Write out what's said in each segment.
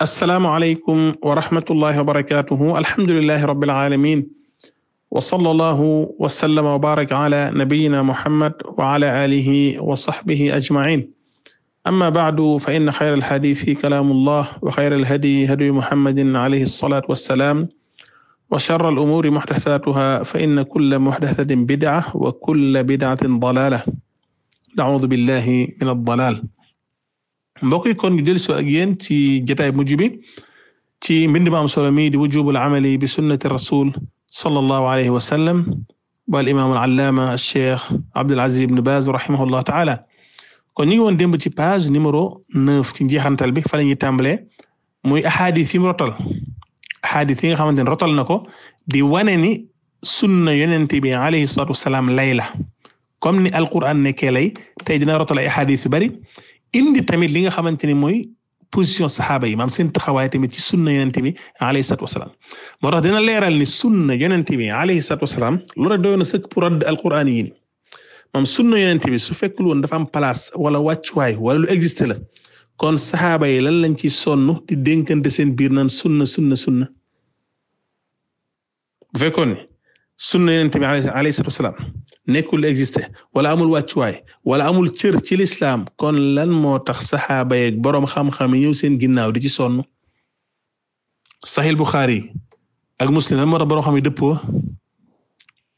asalaamualeykum wa rahmatullahi wa barakaatuhu alhamdulilahi rabbil aalamiin wa sallallahu wa sallama wa baaraka ala nabiyyina muhammad wa ala aalihi wa sahbihi ajma'iin amma ba'du fa inna xayral hadiisi kalaamullah wa xayral hadyi hadyu muhammadin alayhi salaatu wa salaam wa sharral umuuri muhdathaatuhaa fa inna kulla muhdathatin bid'a wa kulla bid'atin dalaala na'uuzu billahi mina dalaal mbokk yi kon ñu dellu ak yéen ci jotaay mujj bi ci mbind maam solo mii di wujubul amali bi sunnati rasul sallallahu alayhi wa sallam ba al imaam al allaama cheikh Abdul Aziz ibn Baz rahimahullah taala kon ñu won woon démb ci page numéro neuf ci njeexantal bi fa la ñuy muy ahadis yi mu rotal ahadis yi nga xamante ne rotal na ko di wane ni sunna yonent bi alayhi salaatu wasalaam lay la comme ni alquran nekkee lay tey dina rotal ay ahadis bari indi tamit li nga xamante ni mooy position saxaaba yi maam seen taxawaay tamit ci sunna yonente bi alayhi salaatu wasalaam moo tax dina leeral ni sunna yonente bi alayhi salaatu wasalaam loola doy na sëkk pour radd alquraan yi maam sunna yonente bi su fekkul woon dafa am place wala wàccuwaay wala lu existe la kon saxaaba yi lan lañ ci sonn di dénkante seen biir naan sunna sunna sunna bu fekkoon ni sunna yonent bi alayhi salaatu wasalaam nekkul la wala amul wàccuwaay wala amul cër ci lislaam kon lan moo tax saxaaba yeeg boroom xam-xam yi ñëw seen ginnaaw di ci sonn Sahih Bukhari ak Muslim lan moo tax boroom xam yi dëppoo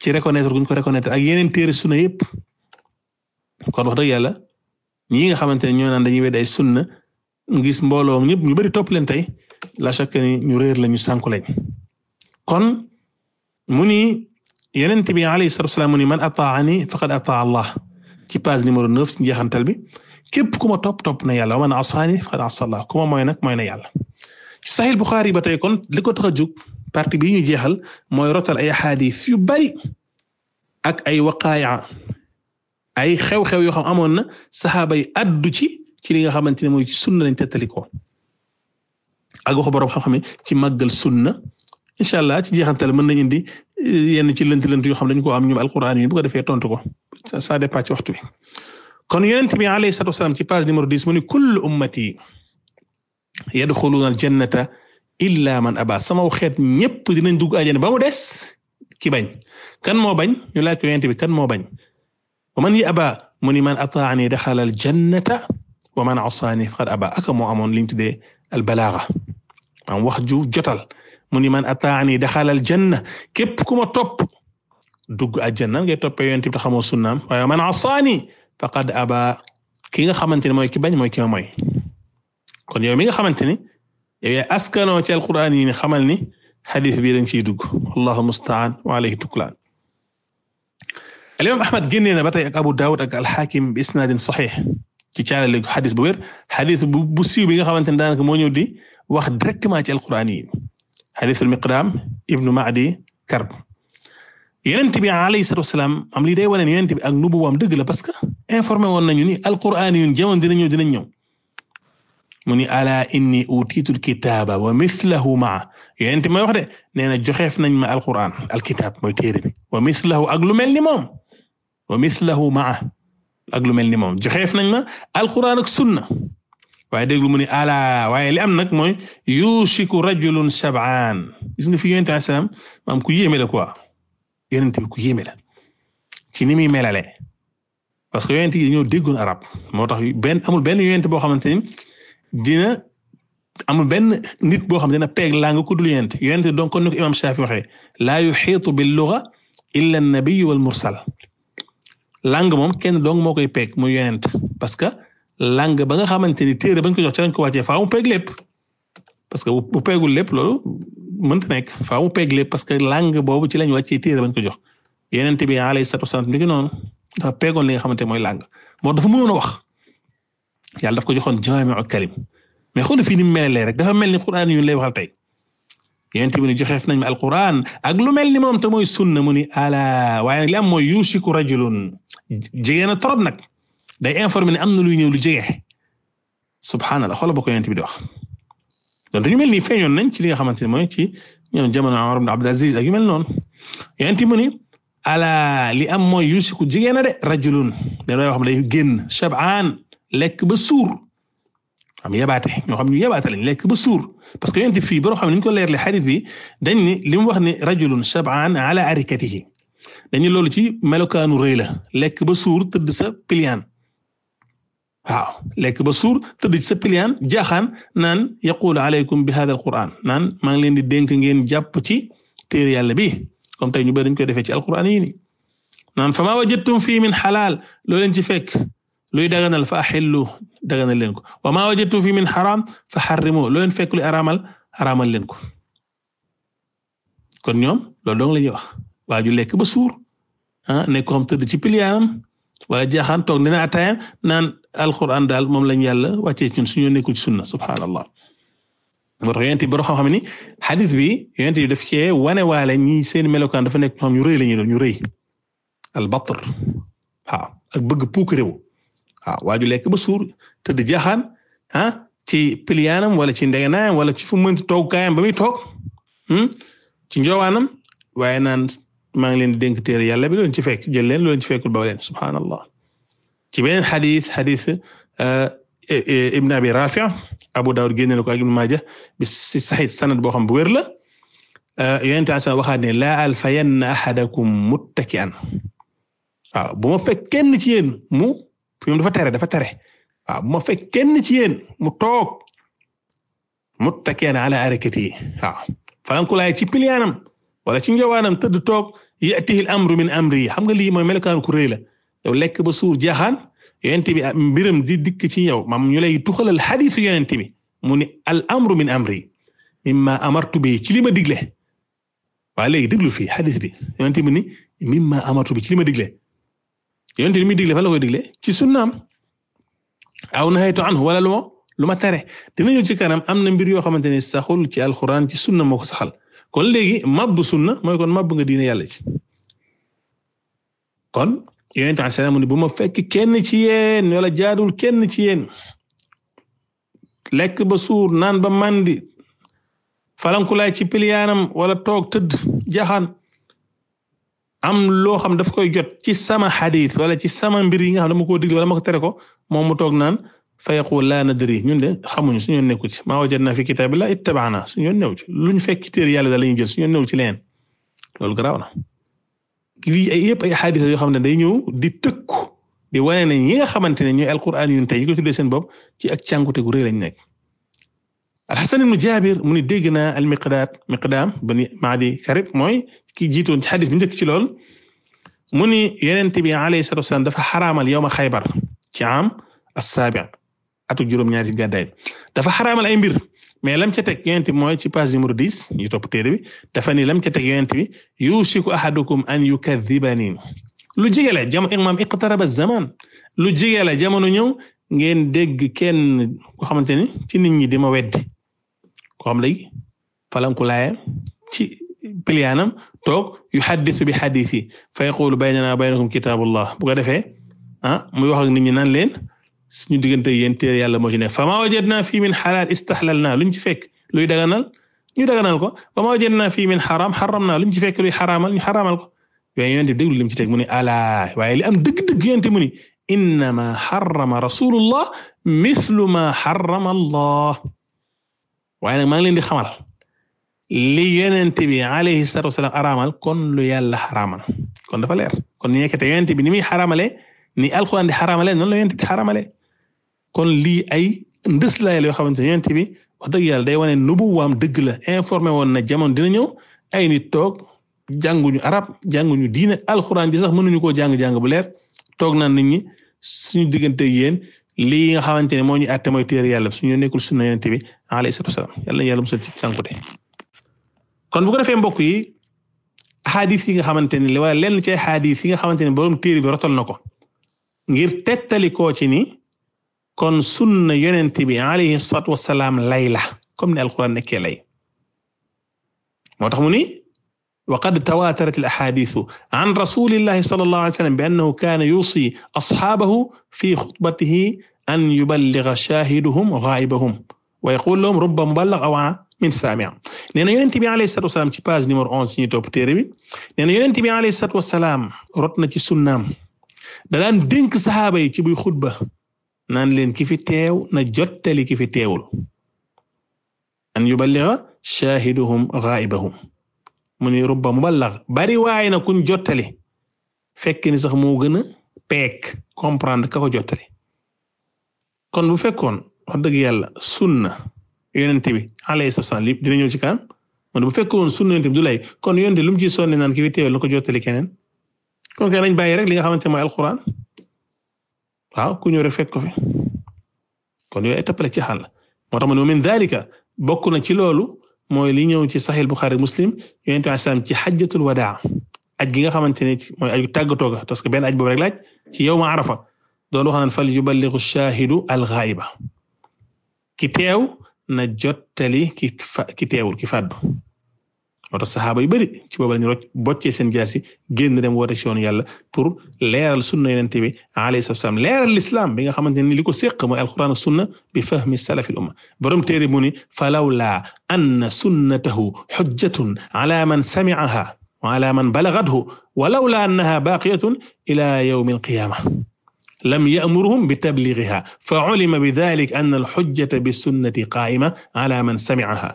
ci reconnaître guñ ko reconnaître ak yeneen téere sunna yëpp kon wax dëgg yàlla ñi nga xamante ne ñoo naan dañuy wedd ay sunna gis mbooloo ñëpp ñu bari topp leen tey la chaque ñu réer la ñu lañ kon mu ni yonent bi alayhi salaatu wasalaam mu ni man ataani faqad ataa Allah ci page numéro neuf ci njeexantal bi képp ku ma topp topp na yàlla wa man asaani faqad asa Allah ku ma mooy nag mooy na yàlla. ci Sahih Bukhari ba tey kon li ko tax a jóg partie bii ñu jeexal mooy rotal ay xaadis yu bari ak ay waqaaya ay xew-xew yoo xam amoon na saxaaba yi addu ci ci li nga xamante ne mooy ci sunna lañ tettalikoo ak waxu borom xam-xam ci màggal sunna. incha allah ci jeexantal mën nañ indi eh, yenn ci lënt-lënt yoo xam dañ ko am ñoom alquran yi bu ko defee tontu ko ça dépend ci waxtu bi kon yonent bi alayhi salaatu wasalaam ci page numéro 10 mu ne kullu ummati yadxuluuna aljannata illa man aba sama xeet ñëpp dinañ dugg àjjana ba mu des ki bañ kan moo bañ ñu laaj ko yonent bi kan moo bañ wa man yi mu ni man ataani daxala aljannata wa man a asaani faqad aba aka moo amoon liñ tuddee albalaaga maanaam wax ju jotal mu ni man ataani daxalal janna képp ku ma topp dugg aljanna ngay toppee yonent bi te xamoo sunnaam waaye man asaani faqad aba ki nga xamante ne mooy ki bañ mooy ki ma mooy kon yow mi nga xamante ni yow yaa askanoo ci alquran yi ni xamal ni xadis bii dañ ciy dugg wallahu musta'an wa alayhi tuklaan alimam ahmad génnee na ba tey ak abu daawud ak alxaakim bi isnaadin saxiix ci caalale xadis bu wér xadis bu bu siiw bi nga xamante ne daanaka moo ñëw di wax directement ci alquran xadiisul Miqdaam ibnu Ma'di Karb yonent bi alayhi salaatu wasalaam am lii day wane ne yonent bi ak nubuwaam dëgg la parce que informé woon nañu ni alquraan yun jamono dina ñëw dina ñëw mu ni ala inni utiitul kitaaba wa mislahu maa yonent may wax de nee na joxeef nañ ma alquraan alkitaab mooy téere bi wa mislahu ak lu mel ni moom wa mislahu maa ak lu mel ni moom joxeef nañ ma alquraan ak sunna waaye déglu mu ni ala waaye li am nag mooy yusiku rajulun sab'an gis nga fi yonent alayhi salaam maam ku yéeme la quoi yonent bi ku yéeme la ci ni muy melale parce que yonent yi dañoo déggoon arab moo tax benn amul benn yonent boo xamante ni dina amul benn nit boo xam dina peeg langue ku dul yonent yonent donc kon ni ko imaam Shaafi waxee laa yuxiitu lugha illa an-nabiyyu wal mursal langue moom kenn dong moo koy peeg muy yonent parce que langue ba nga xamante ni téere bañ ko jox ci lañ ko wàccee faaw mu peeg lépp parce que bu peegul lépp loolu mënta nekk faaw mu peeg lépp parce que langue boobu ci lañ wàccee téere bañ ko jox yeneen bi alayhi salaatu wasalaam mi ngi noonu dafa peegoon li nga xamante mooy langue moo dafa mënoon a wax yàlla daf ko joxoon jaami'u kalim mais xool fii ni mu mel rek dafa mel ni Qur'an yu lay waxal tey yeneen bi ni joxeef nañ ma alquran ak lu mel ni moom ta mooy sunna mu ni ala waaye nag li am mooy yuusiku rajulun jigéen a trop nag. day informé ni am na luy ñëw lu jege subhaanallah xoolal ba ko yonent bi di wax donc ñu mel ni feeñoon nañ ci li nga xamante ne mooy ci ñoom jamono Umar ibn Abdul Aziz noonu yonent mu ni ala li am mooy yusiku jigéen na de rajulun da doon wax day génn shab'an lekk ba suur am yabaate ñoo xam ñu yabaate lañ lekk ba suur parce que yonent fii baro xam ne ñu ko leerle xadis bi dañ ni li mu wax ne rajulun shab'an ala arikatihi dañu loolu ci melokaanu rëy la lekk ba suur tëdd sa piliyaan waaw lekk ba suur tëdd ci sa piliyaan jaaxaan naan yaqulu aleykum bi hada al quran naan maa ngi leen di dénk ngeen jàpp ci téere yàlla bi comme tey ñu bëri dañ koy defe ci alquran yi ni naan fa maa wajadtum fii min xalaal loo leen ci fekk luy daganal fa axillu daganal leen ko wa maa wajadtum fii min xaraam fa xarrimu loo leen fekk luy araamal araamal leen ko kon ñoom loolu dong la ñuy wax waaju lekk ba suur ah nekk tëdd ci piliyaanam wala jaaxaan toog dina ataaya naan alquran daal moom lañu yàlla wàccee ci ñun suñu nekkul ci sunna subhaanallah moo tax yonent bi boro xam-xam ni xadis bi yonent bi daf cee wane ñi seen melokaan dafa nekk ñoom ñu rëy la ñuy doon ñu rëy albatr ak bëgg puuk réew waaw waa ju lekk ba suur tëdd jaaxaan ah ci piliyaanam wala ci ndegenaayam wala ci fu mu mënti toog kaayam ba muy toog hmm, ci njoowaanam waaye naan maa ngi leen di dénk téere yàlla bi loolu ci fekk jël leen loolu ci fekkul baw leen subhaanallah ci beneen xadis xadis eh, Ibn Abi Rafi' Abu Dawud génne ko ak Ibn Maaja bi si saxiit sanad boo xam bu wér la eh, yonent bi sa waxaat ne laa alfayanna ahadakum muttaki'an waaw bu ma fekk kenn ci yéen mu fi mu dafa tere dafa tere waaw bu ma kenn ci yéen mu toog muttaki'an ala arakati waaw falankulaay piliyaanam wala ci njawaanam tëdd toog yatihi al amru min amri xam nga lii mooy melokaanu ku rëy la lekk ba suur jaaxaan yonent bi mbiram di dikk ci yow maam ñu lay tuxalal xadiisu yonent bi mu ni al amru min amri mimma amartu bi ci lima ma digle waaye léegi déglu fii xadiis bi yonent bi ni mimma bi ci li ma digle yonent bi mi digle fa la koy digle ci sunnaam aw nahaytu anhu wala lu ma lu ma tere dina ñëw ci kanam am na mbir yoo xamante ne saxul ci alxuraan ci sunna moo saxal kon léegi mabbu sunna mooy kon mabbu nga diine yàlla ci kon yonent bi salaam ne bu ma fekk kenn ci yéen wala jaadul kenn ci yéen lekk ba suur naan ba mandi falankulaay ci piliyaanam wala toog tëdd jaxaan am loo xam daf koy jot ci sama xadiis wala ci sama mbir yi nga xam dama koo digle wala ma ko tere ko moom mu toog naan fa yaqul laa nadri ñun de xamuñu suñu nekku ci maa wajadna fi kitaabillah ittaba'na suñu newu ci luñ fekk téere yàlla da lañu jël suñu newu ci leen loolu garaaw na lii ay yëpp ay xaadis yoo xam ne day ñëw di tëkku di wane ne ñi nga xamante ne ñooy alquran yu tey ñu ko tuddee seen bopp ci ak càngute gu rëy lañ nekk. Alxasan ibnu Jaabir mu ne dégg naa almiqdaad miqdaam bani maadi karib mooy ki jiitoon ci xadis bi njëkk ci lool mu ni yonent bi alayhi salaatu wasalaam dafa xaraamal yawma xaybar ci am atu juróom-ñaari gàddaay dafa xaramal ay mbir mais lam ca teg yonent bi mooy ci page numéro 10 ñu topp téere bi dafa ni lam ca teg yonent bi yusiku ahadukum an yukadhibani lu jege la jam imam iqtaraba zaman lu jege la jamono ñëw ngeen dégg kenn ko xamante ni ci nit ñi di ma weddi ko xam léegi falanku laayam ci piliyaanam toog yuhaddisu bi xadiis yi fa yaqulu naa wa baynakum kitaabullah bu ko defee ah muy wax ak nit ñi nan leen suñu diggante yéen téere yàlla moo ci ne fa maa wajadnaa fii min xalaal istaxlalnaa luñ ci fekk luy daganal ñu daganal ko fa maa wajadnaa fii min xaraam xaramnaa luñ ci fekk luy xaraamal ñu xaraamal ko waaye yonent bi déglu lim ci teg mu ne alaa waaye li am dëgg-dëgg yonent mu ne innamaa xarama rasulullah mislu maa xarama allah waaye nag maa ngi leen di xamal li yonent bi alayhi salaatu wasalaam araamal kon lu yàlla xaraamal kon dafa leer kon nekkete yonent bi ni muy xaraamale ni alxuraan di xaramale noonu la yonent di xaramale kon lii ay ndës laay la yoo xamante ne yonent bi wax dëgg yàlla day wane nubuwaam dëgg la informé woon na jamono dina ñëw ay nit toog jànguñu arab jànguñu diine alxuraan bi sax mënuñu koo jàng-jàng bu leer toog na nit ñi suñu diggante yéen lii nga xamante ne moo ñu àtte mooy téere yàlla suñu nekkul sunna yonent bi alayhi salaatu wasalaam yàlla yàlla musal ci sànkute kon bu defee mbokk yi xaadis yi nga xamante ne wala lenn ci xaadis yi nga xamante ne borom téere bi rotal na ko ngir tettalikoo ci ni kon sunna yonent bi alayhi salaatu wasalaam lay la comme ni alquran nekkee lay moo tax mu ni wa qad tawaatarat al axaadiisu an rasulillahi sallallahu alayhi wa sallam bi annahu kaana yuusi asxaabahu fi xutbatihi an yuballiga shaahiduhum gaaibahum wa yaqul lahum rubba muballag aw min saami' nee na yonent bi alayhi salaatu wasalaam ci page numéro onze ci ñu topp téere bi nee na yonent bi alayhi salaatu wasalaam rot na ci sunnaam da daan dénk saxaaba yi ci buy xutba naan leen ki fi teew na jottali ki fi teewul an yuballigha shaahiduhum ghaa'ibahum mu ni rubba muballigh bari waay na kuñ jottali fekk ni sax moo gën a peek comprendre ka ko jottali kon bu fekkoon wax dëgg yàlla sunna yonente bi alayhi salaam li dina ñëw ci kanam man bu fekkoon sunna yonente bi du lay kon yonente lu mu ci sonni naan ki fi teewul na ko jottali keneen kon kay nañ bàyyi rek li nga xamante ne mooy waaw ku ñëw rek fekk ko fi kon yooyu ay tappale ci xàll moo tax ma ne min dalika bokk na ci loolu mooy li ñëw ci Sahih Bukhari Muslim yonent bi salaam ci xajjatul wadaa aj nga xamante ne mooy aju tàggatoo parce que benn aj boobu rek laaj ci yawma Arafa doon wax naan fal yuballighu shaahidu al ki teew na jottali ki teewul ki fàddu moo tax saxaaba yu bëri ci boobu la ñu roc boccee seen jaasi génn dem woote ci yoonu yàlla pour leeral sunna yonente bi alayhi salaam leeral l'islam bi nga xamante ni li ko séq mooy alquran sunna bi fahmi salafi al umma borom téere mu ni falawla anna sunnatahu hujjatun ala man sami'aha wa ala man balagathu wa lawla annaha baqiyatun ila yawmi alqiyama lam ya'murhum bi tablighiha fa ulima bi dhalika anna alhujjata bi sunnati qa'ima ala man sami'aha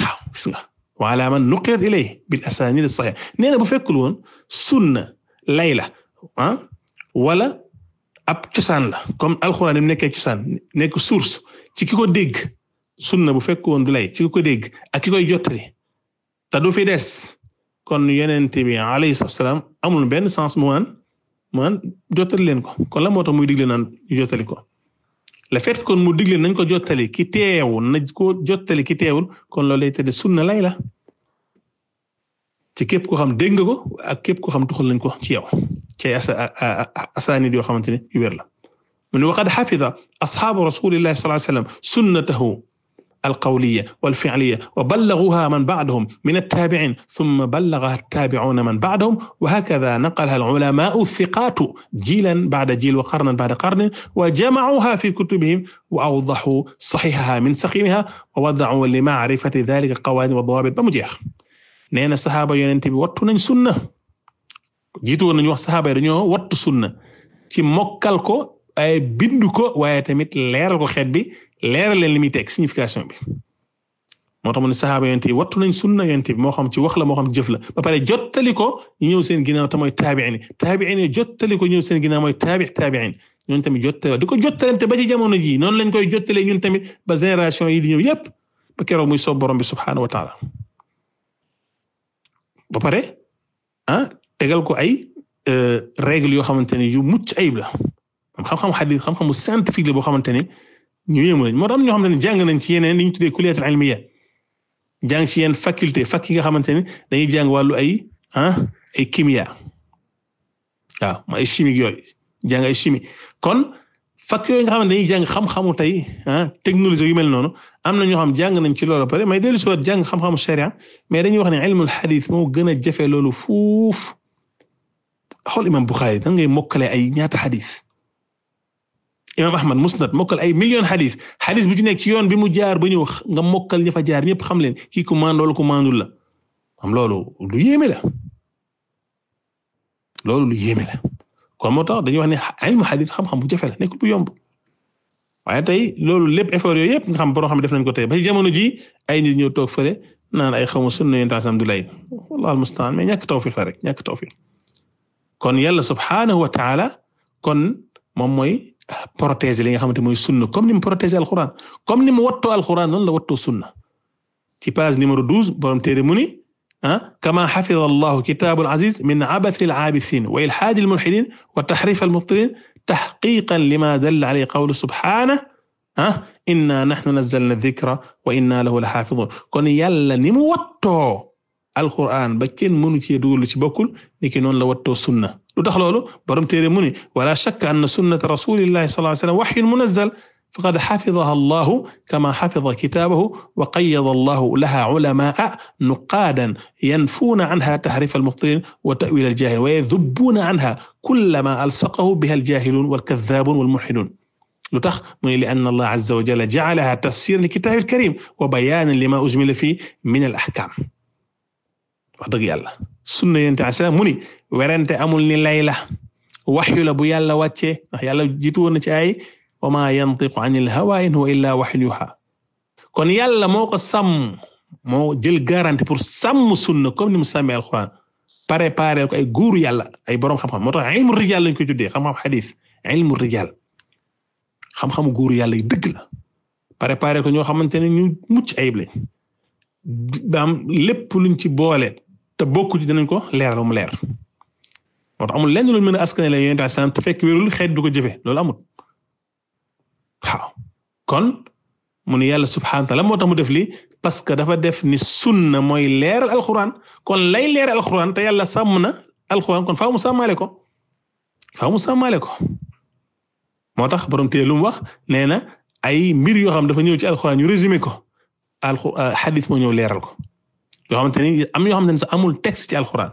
waaw gis nga wa ala man nuqilat ilayhi bil asanid as-sahih nee na bu fekkul woon sunna lay la ah wala ab cosaan la comme alxuraan yi nekkee cosaan nekk source ci ki ko dégg sunna bu fekk woon du lay ci ki ko dégg ak ki koy jottali te du fi des kon yeneen bi alayhi salaam amul benn sens mu naan mu leen ko kon la moo tax muy digle naan jottali ko. le fait kon mu digle nañ ko jottali ki teew na ko jottali ki teewul kon loolu lay tëddee sunna lay la ci képp ko xam dégg nga ko ak képp ko xam tuxal nañ ko ci yow ci asaanid yoo xamante ne yu wér la mu ne waqad xafida asxaabu rasulillahi sallallahu alayhi wasallam sunnatahu alqawliya walficliya wa ballaguha man bacdahum min attaabicin summa ballagaha attaabicuuna man bacdahum wa hakada naqalaha alculamaau thiqaatu jiilan bacda jiil wa qarnan bacda qarnin wa jamacuha fi kutubihim wa awdaxuu saxiixaha min saqiimiha wa wadacuu limacrifati dalika qawaadim wa dawaabit ba mu jeex nee na saxaaba yonent bi wattu nañ sunna jiitu woon nañu wax saxaaba yi dañoo wattu sunna ci mokkal ko ay bindu ko waaye tamit leeral ko xeet bi leeral leen li muy teg signification bi moo tax mu ne saxaaba yonent yi wattu nañ sunna yonent bi moo xam ci wax la moo xam jëf la ba pare jottali ko ñëw seen ginnaaw te mooy taabi'in taabi'in yi jottali ko ñëw seen ginnaaw mooy taabi' taabi'in ñooñu tamit jottali di ko jottalante ba ci jamono jii noonu lañ koy jottalee ñun tamit ba génération yi di ñëw yépp ba keroog muy soob borom bi subhaanahu wa ba pare ah tegal ko ay euh, règle yoo xamante ne yu mucc ayib la xam-xam xadiis xam-xamu scientifique la boo xamante ne ñu yéemu lañ moo tax am ñoo xam ne jàng nañ ci yeneen li ñu tuddee kulliyat ilmiya jàng ci yi nga xamante ne dañuy jàng wàllu ay ah ay kimia waaw ma ay chimique yooyu jàng ay chimie kon fakk yooyu nga xam ne dañuy xam-xamu tey ah technologie yu mel noonu am na ñoo xam jàng nañ ci loolu pare may dellu si waat jàng xam-xamu sharia mais dañuy wax ne ilmul hadith moo gën a jafe loolu fuuf xool imam Bukhari nan ngay mokkale ay ñaata hadith imaam Ahmad musnad mokkal ay million xadis xadis bi ci nekk ci yoon bi mu jaar ba ñëw nga mokkal ña jaar ñëpp xam leen kii ku maandoo la ku maandul la am loolu lu yéeme la loolu lu yéeme la kon moo tax dañuy wax ne ay xadis xam-xam bu jafe la yomb waaye tey loolu lépp effort yooyu nga xam borom xam def nañ ko jamono ji ay nit ñëw toog fële naan ay xaw ma sunna yonent Abdoulaye wallahi almustaan mais ñàkk tawfiq la rek ñàkk tawfiq kon yàlla subhaanahu wa kon moom mooy. protéger li nga xamante mooy sunna comme ni mu protéger alxuraan comme ni mu wattoo alxuraan noonu la wattoo sunna ci page numéro douze borom téere mu ni ah kama xafida allahu kitaabul aziz min abathil aabithin wa ilhaadil mulhidin wa tahrifal mubtilin tahqiqan lima dalla alayhi qawlu subhaanahu ah inna nahnu nazzalna dhikra wa inna lahu lahafidun kon yàlla ni mu wattoo alxuraan ba kenn mënu cee dugal lu ci bokkul niki noonu la wattoo sunna lu tax loolu borom téere mu ni wala shakka anna sunnata rasulillahi sallallahu alayhi wasallam wahyun munazzal faqad xafidaha allahu kama xafida kitaabahu wa qayada allahu laha culamaa nuqaadan yanfuuna canha taxriif almubtilin wa ta'wil aljaahil wa yadubbuuna canha kullama alsaqahu biha aljaahiluun walkadaabuun walmulxiduun lu tax mu ne li anna allah azza wa jalla jacalaha tafsiran likitaabi alkarim wa bayaanan lima ujmila fiihi min alaxkaam wax dëgg yàlla sunna yente asalaam mu ni werante amul ni lay la waxyu la bu yàlla wàccee ndax yàlla jiitu woon na ci ay wa ma yantiqu anil la in huwa illa kon yàlla moo ko sàmm moo jël garantie pour sàmm sunna comme ni mu sàmmee alquran préparé ko ay guuru yàlla ay borom xam-xam moo tax ilmu rijal lañ koy tuddee xam-xam xadis ilmu rijal xam yàlla dëgg la préparé ko ñoo xamante ne ñu mucc ayib lañ daam lépp luñ ci boole te bokku ci dinañ ko leeral mu leer moo tax amul lenn luñ mën a askan la yonent sant fekk wérul xeet du ko jëfe loolu amul waaw kon mu ne yàlla subhaanahu wa moo tax mu def lii parce que dafa def ni sunna mooy leeral alxuraan kon lay leeral alxuraan te yàlla sàmm na alxuraan kon faaw mu sàmmaale ko faaw mu sàmmaale ko moo tax borom téye lu mu wax nee na ay mbir yoo xam dafa ñëw ci alxuraan yu résumé ko. alxu euh, xadis moo ñëw leeral ko yoo xamante ni am yoo xamante ne sax amul texte ci alxuraan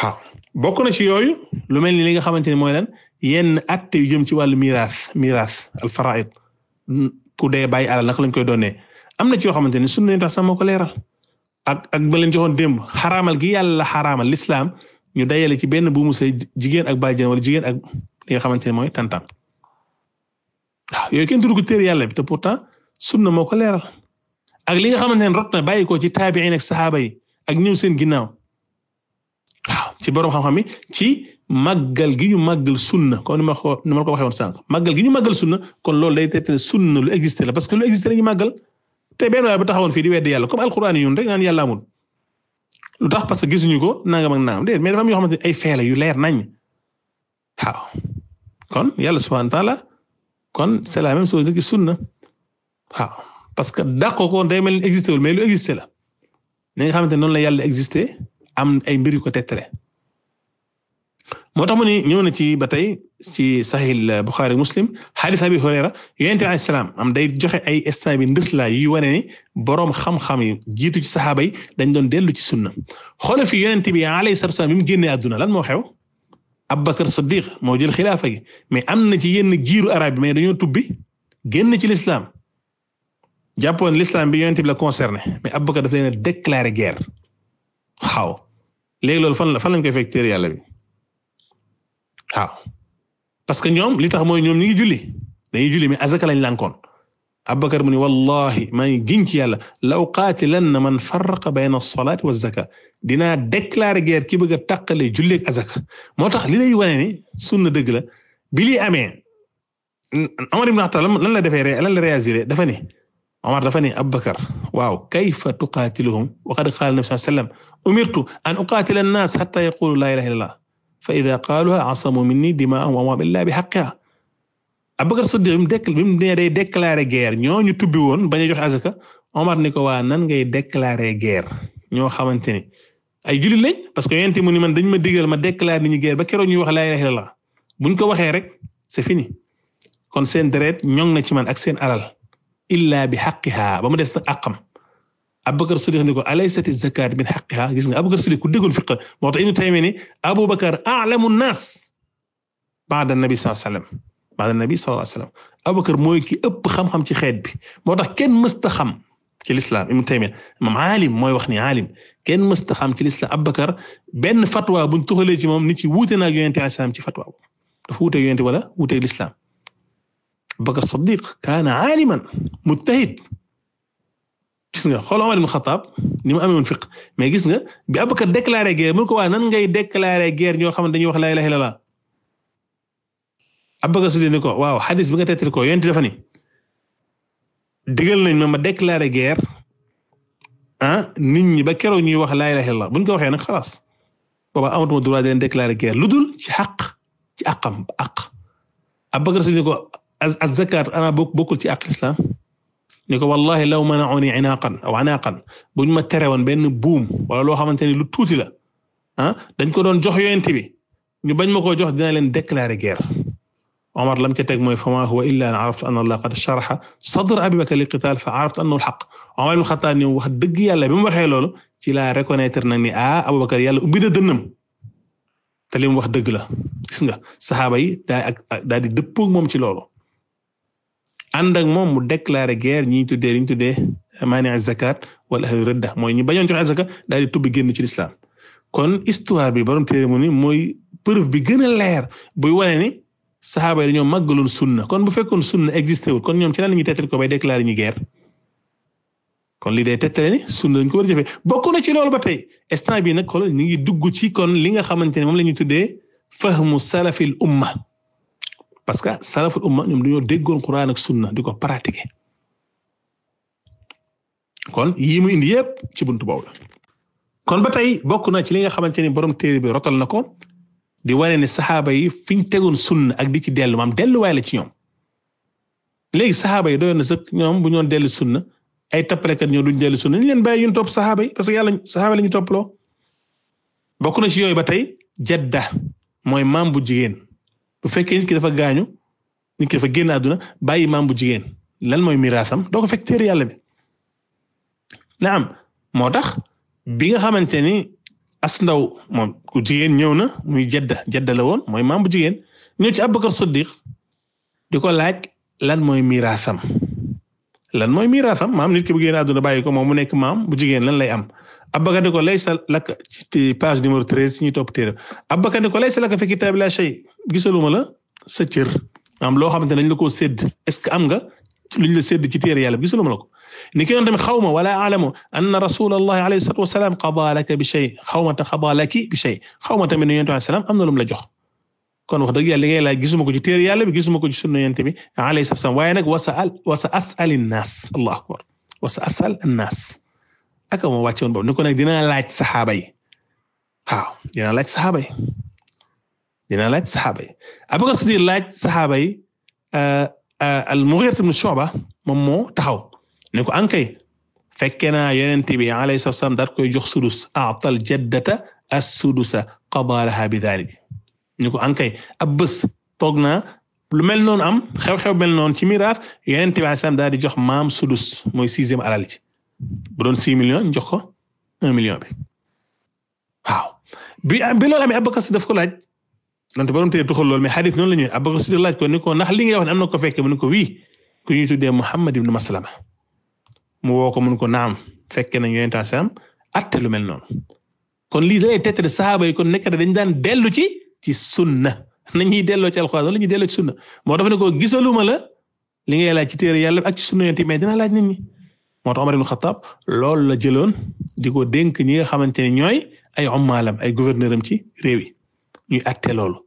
waaw bokk na ci yooyu lu mel ni li nga xamante ne mooy lan yenn acte yu jëm ci wàllu miraas miraas al ku dee bàyyi alal naka lañ koy doonee am na ci yoo xamante ne sunna tax sax moo ko leeral ak ak ba leen joxoon démb xaraamal gi yàlla la xaraamal lislaam ñu dayale ci benn buumu se say jigéen ak bàjjen wala jigéen ak li nga xamante ne mooy tantam yooyu kenn du ko sunna moo ko leeral ak li nga ne rot na bàyyi ko ci taabiin ak saxaaba yi ak ñëw seen ginnaaw waaw ci borom xam-xam yi ci màggal gi ñu màggal sunna kon ni ma ko ni ma ko waxee sànq màggal gi ñu màggal sunna kon loolu day tegtal sunna lu existé la parce que lu existé la ñu màggal te benn waaye bu taxawoon fii di weddi yàlla comme alquran yi ñun rek naan yàlla amul lu tax parce que gisuñu ko nangam ak naam déedéet mais dafa am yoo xamante ne ay feela yu leer nañ waaw kon yàlla subhanahu wa taala kon c'est la même chose sunna waaw parce que dàq ko day mel ni existé wul mais lu existé la ni nga xamante noonu la yàlla existé am ay mbir yu ko tettale moo tax mu ni ñëw na ci ba tey ci Sahih Bukhari Muslim hadith Abi Hurayra yonent bi alayhi am day joxe ay instant bi ndës laa yuy wane ni boroom xam-xam yi jiitu ci saxaaba yi dañ doon dellu ci sunna xoolal fi yonent bi alayhi salaam bi mu génnee àdduna lan moo xew Abubakar Siddiq moo jël xilaafa gi mais am na ci yenn giiru arab yi mais dañoo tubbi génn ci lislaam jàppoon l'islam bi yonent bi la concerné mais Abubakar daf leen a déclaré guerre waaw léegi loolu fan la fa lañ koy fekk téere yàlla bi waaw parce que ñoom li tax mooy ñoom ñu ngi julli dañuy julli mais azaka lañ lànkoon Abubakar mu ni wallahi maa ngi giñ ci yàlla law la uqaatilanna man farraqa bayna as-salaati wa az-zakaat dinaa déclaré guerre ki bëgg a tàqale julli azaka moo tax li la wane ni sunna dëgg la bi li amee Umar ibn Khattab lan la defee lan la réagir dafa ni Omar dafa ne Abubakar waaw kayfa tuqaatiluhum wa qad qaala nabi sallallahu alayhi wa sallam umirtu an uqaatila an-naas hatta yaqulu laa ilaaha illallah fa idaa qaaluhaa asamuu minnii dimaa'ahum wa amwaalahum illaa bi haqqihaa Abubakar Siddiq bi mu dekk bi mu nee day déclarer guerre ñooñu tubbi woon bañ a joxe asaka Omar ni ko waa nan ngay déclarer guerre ñoo xamante ni ay jullit lañ parce que yonent mu ni man dañ ma digal ma déclarer ni ñu guerre ba keroog ñuy wax laa ilaaha illallah buñ ko waxee rek c'est fini kon seen deret ñoŋ na ci man ak seen alal. illaa bi xaqiha ba mu des nag àqam Abubakar Siddiq ne ko alaysati zakaat min xaqiha gis nga Abubakar Siddiq ku déggoon fiq moo tax Ibnu Taymiyya ne Abubakar a'lamu naas ba'da nabi sallallahu alayhi wasallam ba'da nabi sallallahu alayhi wasallam Abubakar mooy ki ëpp xam-xam ci xeet bi moo tax kenn mësta xam ci lislaam Ibnu Taymiyya moom aalim mooy wax ni aalim kenn mësta xam ci lislaam Abubakar benn fatwa buñ tuxalee ci moom nit ci wuute na ak Yonent alayhi salaam ci fatwa dafa wuute Yonent wala wuute lislaam Bakr as-Siddiq kaana aaliman mujtahid gis nga xool Omar ibn Khattab ni mu amee woon fiq mais gis nga bi Abubakar déclaré guerre mu ko waa nan ngay déclaré guerre ñoo xam ne dañuy wax laa ilaaha illallaah Abubakar Siddiq ni ko waaw xadis bi nga teetal ko yonent dafa ni digal nañ ma ma déclaré guerre ah nit ñi ba keroog ñuy wax laa ilaaha illallaah buñ ko waxee nag xalaas boobaa amatuma droit di leen déclaré guerre lu dul ci xaq ci àqam ba àq Abubakar ni ko as zakat ana bokkul ci ak islam ni ko wallahi law mana'uni inaqan aw anaqan bu ñu ma tere woon benn buum wala loo xamante ni lu tuuti la ah dañ ko doon jox yonent bi ñu bañ ma koo jox dina leen déclarer guerre Omar lam ca teg mooy fama huwa illa an araftu anna Allah qad sharaha sadra Abi Bakr liqital fa araftu annahu alhaq Omar ibn Khattab ni wax dëgg yàlla bi mu waxee loolu ci laa reconnaître nag ni ah Abu Bakr yàlla ubbi na dënnam te li mu wax dëgg la gis nga saxaaba yi daa ak daa di dëppoo moom ci loolu ànd ak moom mu déclaré ger ñi ñu tuddee li ñu tuddee maani zakat wala ahlu rëdda mooy ñu bañoon joxe zakat daal di tubbi génn ci lislaam kon histoire bi borom téere mu ni mooy preuve bi gën a leer booy wane ni saxaaba yi dañoo màggaloon sunna kon bu fekkoon sunna existé wul kon ñoom ci lan la ñuy tettal ko bay déclaré ñu ger kon lii day tettale ni sunna dañ ko war a jëfee bokk na ci loolu ba tey instant bii nag xoolal ñu ngi dugg ci kon li nga xamante ne moom la ñuy tuddee fahmu salafil umma. parce que salaful umma ñoom dañoo déggoon quran ak sunna di ko pratiquer kon yii mu indi yëpp ci bunt boobu la kon ba tey bokk na ci li nga xamante ni borom téere bi rotal na ko di wane ne saxaaba yi fiñ tegoon sunna ak di ci dellu maam delluwaay la ci ñoom léegi saxaaba yi doyoon na sëkk ñoom bu ñoon dellu sunna ay tappalekat ñoo duñ dellu sunna ñu leen bàyyi ñun topp saxaaba yi parce que yàlla saxaaba la ñu topploo bokk na ci yooyu ba tey jedda mooy maam bu jigéen bu fekkee nit ki dafa gaañu nit ki dafa génn àdduna bàyyi maam bu jigéen lan mooy miraasam doo ko fekk téere yàlla bi naam moo tax bi nga xamante ni as ndaw moom ku jigéen ñëw na muy jadda jadda la woon mooy maam bu jigéen ñëw ci Abubakar Siddiq di ko laaj lan mooy miraasam lan mooy miiraasam maam nit ki bu génn àdduna bàyyi ko moom mu nekk maam bu jigéen lan lay am abbaka ne ko laysa laka ci page numéro treize si ñuy topp téere abbaka ne ko laysa laka fi kitaab la shay gisaluma la sa cër maam loo xamante ne dañ la koo sédd est-ce que am nga luñ la sédd ci téere yàlla gisaluma la ko ni ki noon tamit xawma wala alamu anna rasulallahi alayhi salatu wasalaam qadaa laka bi shay xawma ta qadaa laki bi shay xawma tamit ne yonent bi am na lu la jox kon wax dëgg yàlla li ngay laaj gisuma ko ci téere yàlla bi gisuma ko ci sunna yonent bi alayhi salaam waaye nag wasa al wasa asal innaas allahu akbar wasa asal annaas aka ma wàcce woon boobu ni ko nag dinaa laaj saxaaba yi waaw dinaa laaj saxaaba yi dinaa laaj saxaaba yi Abubakar Siddiq laaj saxaaba yi eh, eh, al-Mughira ibn Shu'ba moom moo taxaw ni ko ankay fekke naa yonent bi alayhi salaam daal koy jox sudus a'tal jaddata as-sudusa qada laha bi dhalik ñu ko ankay ab bés toog naa lu mel noonu am xew-xew mel noon ci miraas yeneen bi sam daal di jox maam sudus mooy sixième alal ci bu doon six million ñu ko un million bi waaw bi bi loolu amee Abubakar Siddiq daf ko laaj donte borom tey tuxal loolu mais xadis noonu la ñuy Abubakar Siddiq laaj ko ni ko ndax li ngay am na ko fekke mu ne ko wii ku ñuy tuddee Muhammad ibn Maslama mu woo ko mu ko naam fekke nañ yeneen temps am atte lu mel noonu kon lii da lay tettale saxaaba ci sunna nañuy delloo ci alxuraan wala ñuy delloo ci sunna moo dafa ne ko gisaluma la li ngay laaj ci téere yàlla ak ci sunna yonent mais dina laaj nit ñi moo tax Omar ibn Khattab loolu la jëloon di ko dénk ñi nga xamante ne ñooy ay ummaalam ay gouverneur am ci réew yi ñuy atte loolu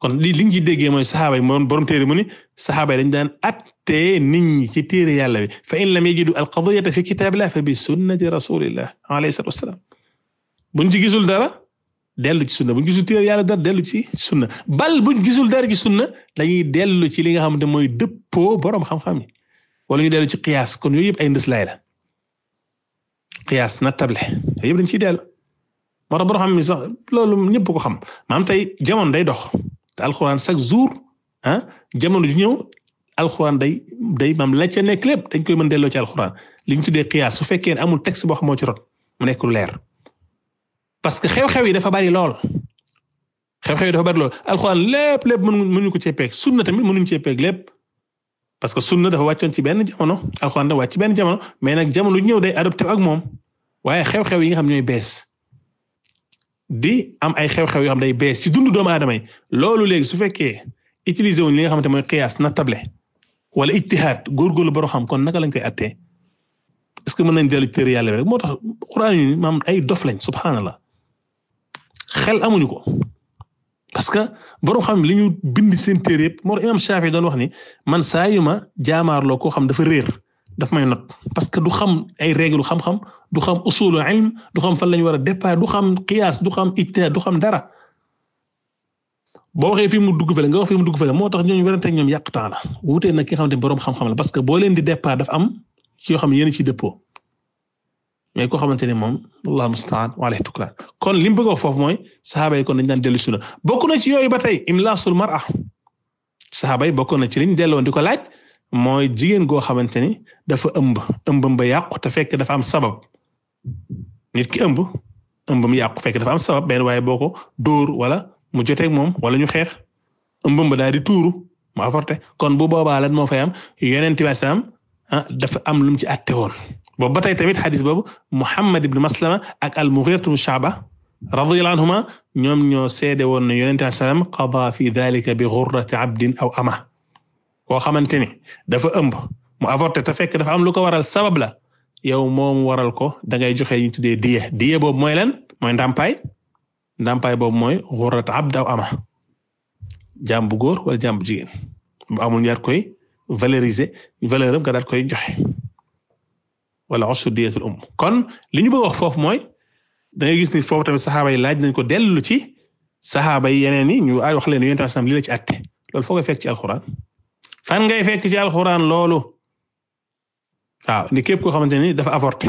kon li li nga ciy déggee mooy saxaaba moom borom téere mu ni saxaaba dañ daan atte nit ñi ci téere yàlla bi fa in lam yajidu al qadiyata fi kitabillah fa bi sunnati rasulillah alayhi salatu wassalam buñ ci gisul dara dellu ci sunna bu ñu yàlla dara dellu ci sunna bal bu ñu gisul dara ci sunna dañuy dellu ci li nga xam xamante mooy dëppoo boroom xam-xam yi wala ñu dellu ci qiyaas kon yooyu yëpp ay ndëslaay la qiyaas na table yooyu yëpp dañ ciy dellu moo tax xam mi sax loolu ñëpp ko xam maanaam tey jamono day dox te alxuraan chaque jour ah jamono ju ñëw alxuraan day day maam la ca nekk lépp dañ koy mën delloo ci alxuraan li ñu tuddee qiyaas su fekkee amul texte boo xam moo ci rot mu nekk lu leer. parce que xew-xew yi dafa bari lool xew-xew yi dafa bari lool alxuraan lépp lépp mënu mënuñu ko cee peeg sunna tamit mënuñu cee peeg lépp parce que sunna dafa wàccoon ci benn jamono alxuraan dafa wàcc ci benn jamono mais nag jamono ñëw day adopté ak moom waaye xew-xew yi nga xam ñooy bees di am ay xew-xew yoo xam day bees ci dundu doomu aadama yi loolu léegi su fekkee utiliser wuñ li nga xamante mooy qiyaas na table wala ijtihaad góorgóorlu baro xam kon naka lañ koy attee est que mën nañ dellu téere yàlla rek moo tax xuraan yi maam ay dof lañ subhanallah xel amuñu ko parce que borom xam li ñu bind seen téere yëpp moo imam Shafi doon wax ni man saa yu ma jaamaarloo koo xam dafa réer daf may not parce que du xam ay règle xam-xam du xam usulu ilm du xam fan la war a départ du xam qiyaas du xam ijtihaad du xam dara. boo waxee fii mu dugg fële nga wax fii mu dugg fële moo tax ñooñu werante ñoom yàq temps la wuutee ki nga xamante ne xam-xam la parce que boo leen di départ dafa am ci xam ne yéen ci dëppoo. mais koo xamante ne moom allah musta'an wa alayhi tuklan kon li mu bëgg a wax foofu mooy saxaaba yi kon dañu daan dellu suna bokk na ci yooyu ba tey imlaasul mar'a saxaaba yi bokk na ci liñ delloo di ko laaj mooy jigéen goo xamante ni dafa ëmb ëmbam ba yàqu te fekk dafa am sabab nit ki ëmb ëmbam yàqu fekk dafa am sabab benn waaye boo ko dóor wala mu joteeg moom wala ñu xeex ëmbam ba daal di tuuru mu avorté kon bu boobaa lan moo fay am yonent bi ah dafa am lu mu ci àtte woon boobu ba tey tamit xadis boobu Muhammad ibn Maslama ak al-Mughira ibn Shu'ba radiyallahu anhuma ñoom ñoo seede woon ne yonente alayhi salaam qada fi dhalika bi ghurrati abdin aw ama koo xamante ni dafa ëmb mu avorté te fekk dafa am lu ko waral sabab la yow moom waral ko da ngay joxe ñu tuddee diye diye boobu mooy lan mooy ndàmpaay ndàmpaay boobu mooy ghurrat abd aw ama jaam bu góor wala jaam bu jigéen amul ñaar koy valoriser valeur am nga daal koy joxe wala usru diyatul umm kon li ñu bëgg wax foofu mooy da gis ni foofu tamit saxaaba yi laaj nañ ko dellu ci saxaaba yi yeneen yi ñu wax leen yonent sallam li la ci àtte loolu foo koy fekk ci alxuraan fan ngay fekk ci alxuraan loolu waaw képp koo xamante ni dafa avorté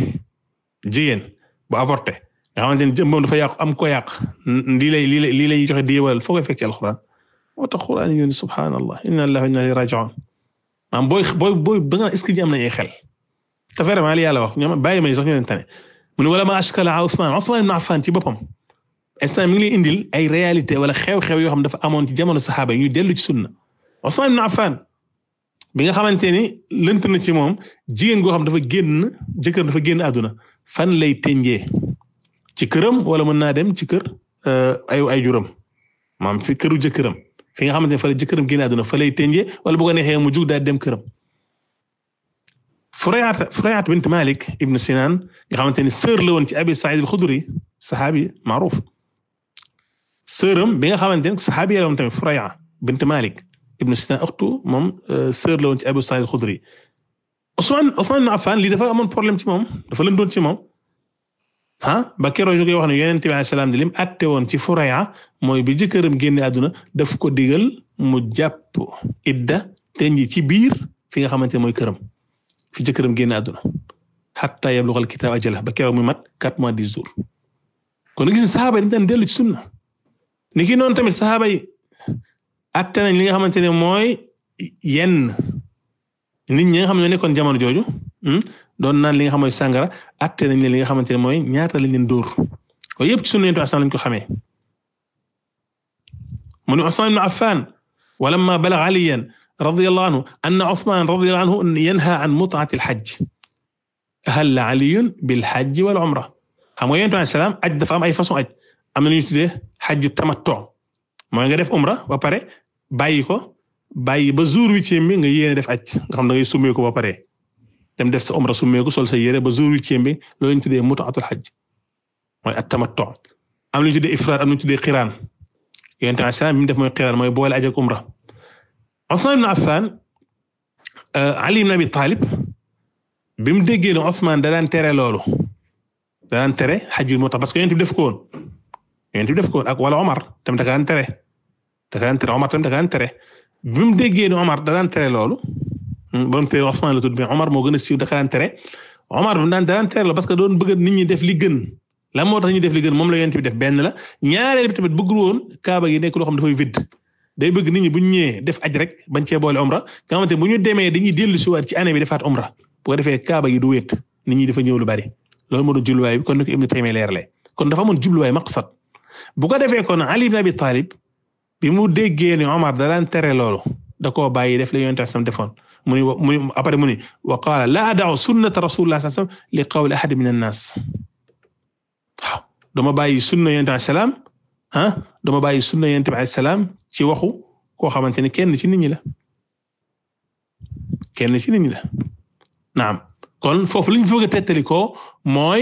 jigéen bu avorté nga xamante ni jëmbam dafa yàqu am ko yàq lii lay lii lay lii joxe diye wala foo koy fekk ci alxuraan moo tax xuraan yi ñu subhaanallah inna lillahi wa inna ilayhi raaji'uun maanaam booy booy booy ba nga est ce que ñi na nañuy xel te vraiment li yàlla wax ñoom bàyyi may sax ñu leen ne wala ma ashkala Usmaan Usmaan ibn Affaan ci boppam instant mi ngi indil ay réalité wala xew-xew yoo xam dafa amoon ci jamono saxaaba yi ñu dellu ci sunna Usmaan ibn bi nga xamante ni lënt na ci moom jigéen goo xam dafa génn jëkkër dafa génn àdduna fan lay tenjee ci këram wala mën naa dem ci kër euh, ay ay juram maam fi këru jëkkëram fi nga xamante ne fa la jëkkëram génn àdduna fa lay tënjee wala bu ko neexee mu jug daal dem këram. Furayaat Furayaat bint Malik ibn Sinan nga xamante ni sœur la woon ci Abi Saïd al-Khudri saxaabi maaruf sœuram bi nga xamante ne saxaabi la woon tamit Furaya bint Malik ibn Sinan uxtu moom euh, sœur la woon ci Abi Saïd al-Khudri Ousmane Ousmane ibn Affan lii dafa amoon problème ci moom dafa lëndoon ci moom ah ba keroog ñu koy wax ne Yonent bi alayhi salaam di lim atte woon ci Furaya mooy bi jëkkëram génne àdduna daf ko digal mu jàpp idda tenji ci biir fi nga xamante ne mooy këram fi jëkkëram génne àdduna xatta yablugal kitaab ajala ba keroog mi mat quatre mois dix jours kon gis nga saxaaba yi dellu ci sunna ni ki noonu tamit saabay yi atte nañ li nga xamante ne mooy yenn nit ñi nga xam ne nekkoon jamono jooju hmm, doon naan li nga xam mooy sàngara atte nañ leen li xamante ne mooy ñaata lañ leen dóor ko yëpp ci sunna Yonent bi sallallahu lañ ko xamee mu ne Usmaan ibn Affaan walammaa balagha Aliyan radiyallahu anhu anna Usmaan radiyallahu anhu yanhaa an mut'atil hajj halla Aliyun bil hajj wal umra xam nga yonent bi salaam aj dafa am ay façon aj am na lu ñu tuddee hajju tamattu mooy nga def umra ba pare bàyyi ko bàyyi ba jour huitième bi nga yéene def aj nga xam da ngay summee ko ba pare dem def sa umra summee ko sol sa yére ba jour huitième bi loolu la ñu tuddee mut'atul hajj mooy at tamattu am na lu ñu tuddee ifraad am na lu ñu tuddee qiraan yonent alayhi salaam bi mu def mooy xiraan mooy boole aj ak umra Usmaan ibn Affaan euh, mu déggee ne Usmaan da tere loolu da tere xajjul moo tax parce que yonent def ko woon yonent def ko woon ak wala Omar tam da daan tere da daan tere Omar tam da daan tere bi mu déggee ne Omar da daan tere loolu hmm, borom tere Usmaan moo gën a siiw da daan tere Omar bi mu tere loolu parce que doon bëgg nit ñi def li gën. lan moo tax ñu def li gën moom la yonent bi def benn la ñaareel bi tamit bëggul woon kaaba gi nekk loo xam dafay vide day bëgg nit ñi bu ñu ñëwee def aj rek bañ cee boole omra nga xamante bu ñu demee dañuy dellu siwaat ci année bi defaat omra bu ko defee kaaba gi du wéet nit ñi ñëw lu bari loolu moo doon jubluwaay kon ni ko Ibnu Taymiyya leerale kon dafa amoon jubluwaay maqsad bu ko defee kon Ali ibn Abi Talib bi mu déggee ne Omar da daan tere loolu da koo bàyyi def la yonent sam defoon mu ni mu après mu ni wa qaala la ada'u sunnata rasulillah sallallahu alayhi wasallam li qawli ahad min an-nas dama bàyyi sunna yonent bi salaam ah dama bàyyi sunna yonent bi salaam ci waxu koo xamante ne kenn ci nit ñi la kenn ci nit ñi la naam kon foofu li ñu foog a tettali ko mooy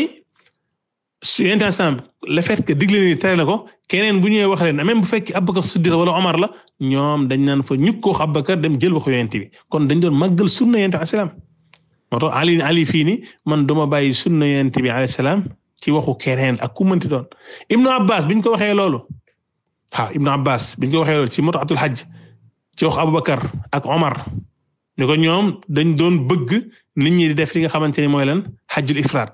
yonent bi salaam le fait que digle ni tere ko keneen bu ñuy wax leen même bu fekki Abubakar Siddiq wala Omar la ñoom dañ naan fa ñuk ko Abubakar dem jël waxu yonent bi kon dañ doon màggal sunna yonent bi salaam moo tax Ali Ali fii man duma bàyyi sunna yonent ci waxu keneen ak ku mënti doon Ibnu Abbas biñ ko waxee loolu waaw Ibnu Abbas biñ ko waxee loolu ci mutaatul xaj ci wax Aboubacar ak Omar ni ko ñoom dañ doon bëgg nit ñi di def li nga xamante ni mooy lan xajul ifraat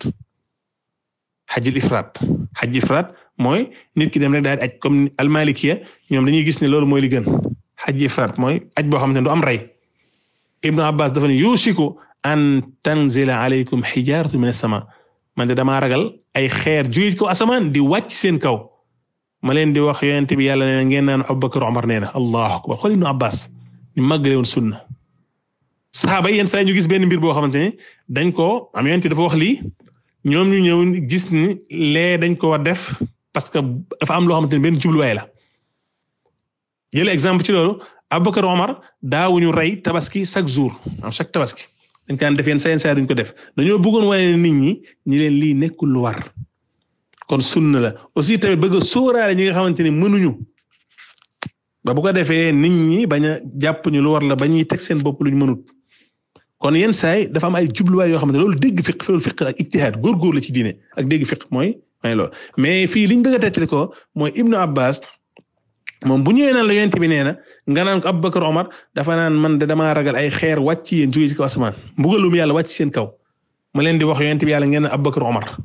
xajul ifraat xaj ifraat mooy nit ki dem rek daal di aj comme almalikiya ñoom dañuy gis ne loolu mooy li gën xaj ifraat mooy aj boo xamante ne du am rey Ibnu Abbas dafa ne yuusiku an tanzila alaykum xijaaratu min as sama man de damaa ragal ay xeer jóge ko asamaan di wàcc seen kaw ma leen di wax yonent bi yàlla nee na ngeen naan Abubakar Omar nee na allahu akbar xool Ibnu Abbas ñu màggale woon sunna saxaaba yi yenn saa ñu gis benn mbir boo xamante ne dañ ko am yonent dafa wax lii ñoom ñu ñëw gis ni lee dañ ko war def parce que dafa am loo xamante ne benn jubluwaay la jël exemple ci loolu Abubakar Omar daawuñu rey tabaski chaque jour am chaque tabaski dañ kaan def yenn saa yenn saa duñ ko def dañoo bëggoon wane nit ñi ñi leen lii nekkul lu war kon na la aussi tamit bëgg a sóoraale ñi nga xamante ni mënuñu ba bu ko defee nit ñi bañ jàpp ñu lu war la ba ñuy teg seen bopp lu ñu mënut kon yenn saay dafa am ay jubluwaay yoo xam ne loolu dégg fiq loolu fiq ak ijtihaad góorgóor la ci diine ak dégg fiq mooy mooy loolu mais fii liñ bëgg a ko mooy Ibnu Abbas moom bu ñëwee naan la yonent bi nee na nga naan ko Abubakar Omar dafa naan man de damaa ragal ay xeer wàcc yéen kaw asamaan mbugalum yàlla wàcc seen kaw ma leen di wax yonent bi yàlla ngeen Abubakar Omar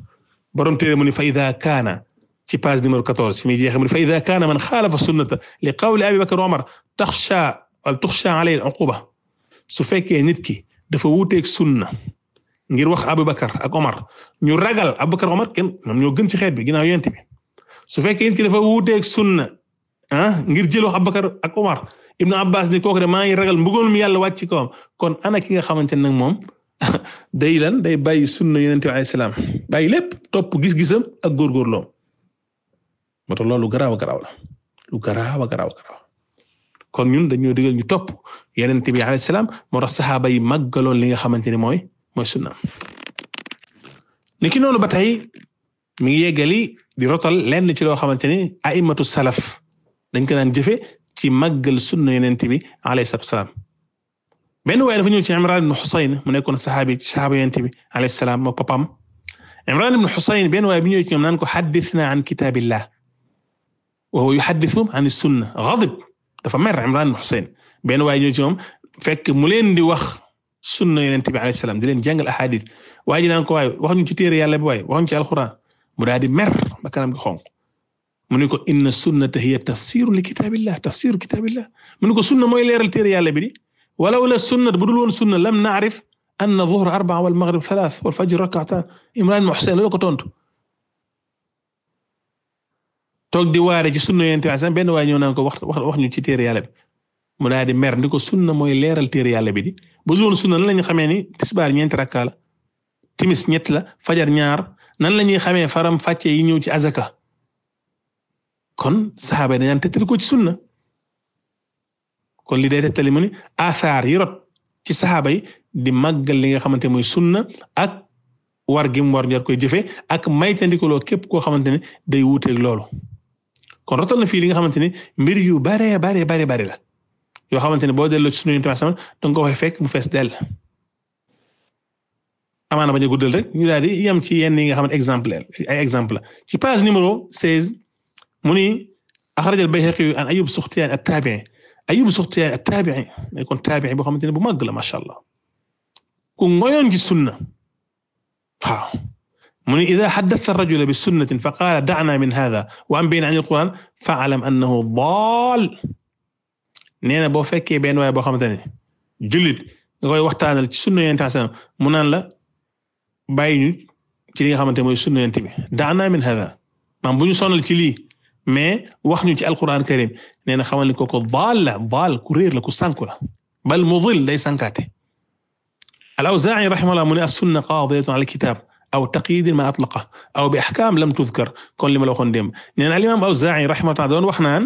borom téere mu ni fa ida kaana ci page numéro 14 mi jeexe mu fa ida kaana man xaalafa sunnata li qawli Abubakar Omar taxsha wal tuxsha alayhi al uquba su fekkee nit ki dafa wuuteeg sunna ngir wax Abubakar ak Omar ñu ragal Abubakar Omar kenn ñoom ñoo gën ci xeet bi ginnaaw yonent bi su fekkee nit ki dafa wuuteeg sunna ah ngir jël wax Abubakar ak Omar Ibn Abbas ni kooku de maa ngi ragal mbugoon mi yàlla wàcc kawam kon ana ki nga xamante ne nag moom day lan day bay sunna yonente bi alayhi salaam lépp topp gis-gisam ak góorgóorloom moo tax loolu garaaw garaaw la lu garaaw garaaw ñun dañoo digal ñu topp yonente bi alayhi salaam moo tax saxaaba li nga xamante ne mooy mooy sunna niki noonu ba tey mi ngi yeggali di rotal lenn ci loo xamante ni aimatu salaf dañ ko daan jëfe ci màggal sunna yonent bi alayhi salaam benn waaye dafa ñëw ci mu nekkoon saxaabi ci bi alayhi salaam moo papam Imran ibn benn waaye bi ñëw ci ko xaddisna an kitaabillah wa huwa yuhaddisuhum an sunna gadib dafa mer benn waaye ñëw ci moom fekk mu leen di wax sunna yonent bi alayhi salaam di leen jàngal ahadith waaye ji naan ko waaye wax ñu ci téere yàlla bi waaye wax ci alxuraan mu daal di mer ba kanam gi xonq mu ne ko inna sunnata hiya tafsiru li kitaabillah tafsiru kitaabillah mu ne ko sunna mooy leeral téere yàlla bi di walaw la sunna bu dul woon sunna lam naarif anna zuhra arbaa wal maghrib thalath wal fajr rak'atan Imran ko tontu. toog di waare ci sunna yonent bi sax benn waay ñëw naan ko wax wax ñu ci téere yàlla bi mu daal di mer ni ko mooy leeral yàlla bi di bu dul woon sunna nan la xamee ni tisbaar ñeenti rakka la timis ñett la fajar ñaar nan la ñuy xamee faram fàcce yi ñëw ci azaka. kon saxaaba yi dañaan tettal ko ci sunna kon lii day tettali mu ni asaar yi rot ci saxaaba yi di màggal li nga xamante mooy sunna ak war gi mu war ñor koy jëfe ak maytandikoloo képp koo xamante ne day wuuteeg loolu kon rotal na fii li nga xamante ne mbir yu bare bare bare bare la yoo xamante ne boo delloo ci suñu tamit danga ko fay fekk mu fees dell amaana bañ guddal rek ñu daal di yem ci yenn yi nga xamante exemple ay exemple ci page numéro mu ni axraj al-Bayhaqi an Ayyub Suxtiyaani at-Taabi'i Ayyub Suxtiyaani at-Taabi'i nekkoon taabi'i boo xamante ne bu màgg la macha allah ku ngoyoon ci sunna waaw mu ni idaa haddasta rajula bi sunnatin fa qaala da'naa min haadaa wa anbi'nii an al-Qur'aan fa'lam annahu daal nee na boo fekkee benn waay boo xamante ne jullit nga koy waxtaanal ci sunna Yonent bi mu naan la bàyyi ñu ci li nga xamante ne mooy sunna Yonent bi da'naa min haadaa maam bu ñu sonal ci lii. mais wax ñu ci alquran karim nee na xamal ni kooku baal la baal ku réer la ku sànku la bal mudil day sànkaate al-Awzaa'i rahimahullah mu ne as-sunna qaadiyatun ala al-kitaab aw taqyid ma atlaqa aw bi ahkaam lam tudkar kon li ma la waxoon dem nee na al-imaam al-Awzaa'i rahimahullah doon wax naan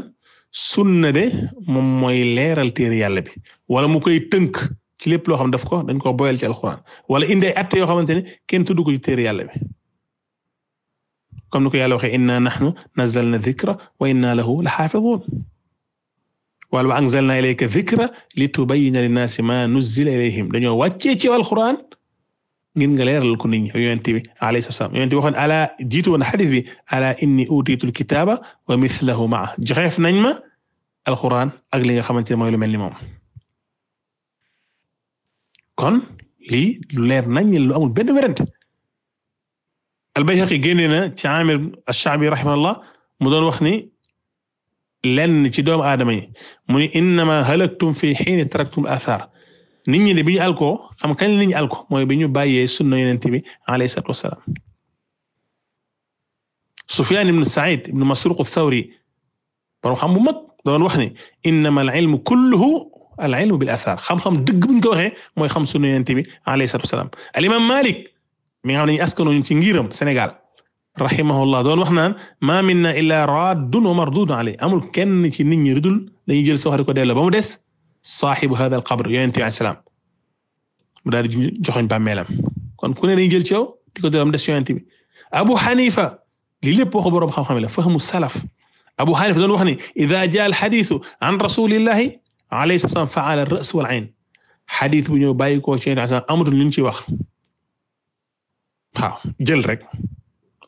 sunna de moom mooy leeral téere yàlla bi wala mu koy tënk ci lépp loo xam daf ko dañ ko boyal ci alquran wala indi ay atte yoo xamante ne kenn tuddu ko ci téere yàlla bi comme ni ko yàlla waxee inna nahnu nazzalna dhikra wa inna lahu la xaafidun wal wa anzalna ilayka dhikra litubayyina linnaasi ma nuzzila ilayhim dañoo wàccee ci alquran ngir nga leeral ko nit ñi yonent bi alayhi salaam yonent bi waxoon alaa jiitu woon xadis bi alaa inni utiitul kitaaba wa mithlahu maa joxeef nañ ma alquran ak li nga xamante ne mooy lu mel ni moom kon lii lu leer nañ lu amul benn werante albayhaqi génnee na ci amir ash-sha'bi rahimahullah mu doon wax ni lenn ci doomu aadama yi mu ni innama halaktum fi hiin taraktum al-athar nit ñi de bi ñu alkoo xam kañ la ñu alko mooy bi ñu bàyyee sunna yonent bi alayhi salaatu wassalaam Sufyaan ibn Sa'iid ibn Masruuq ath-Thawri borom xam bu mag doon wax ni innama al-ilmu kulluhu al-ilmu bil-athar xam-xam dëgg bu ñu ko waxee mooy xam sunna yonent bi alayhi salaatu wassalaam al-imaam Maalik mi nga xam ne askanu ci ngiram Sénégal rahimahullah doon wax naan ma minna illa raddun wa mardudun alayhi amul kenn ci nit ñi rudul dañuy jël soxari ko delloo ba mu des saaxibu hada al qabr yonente bi salaam mu daal di joxoñ bàmmeelam kon ku ne dañuy jël ci yow di ko delloo mu des yonente bi Abu Hanifa lii lépp waxu boroom xam-xam la fahmu salaf Abu Hanifa doon wax ni ida jaa al xadisu an rasulillahi alayhi salaam fa ala al ras wal ayn xadis bu ñëw bàyyi koo ci yonente bi salaam amatul luñ ci wax waaw jël rek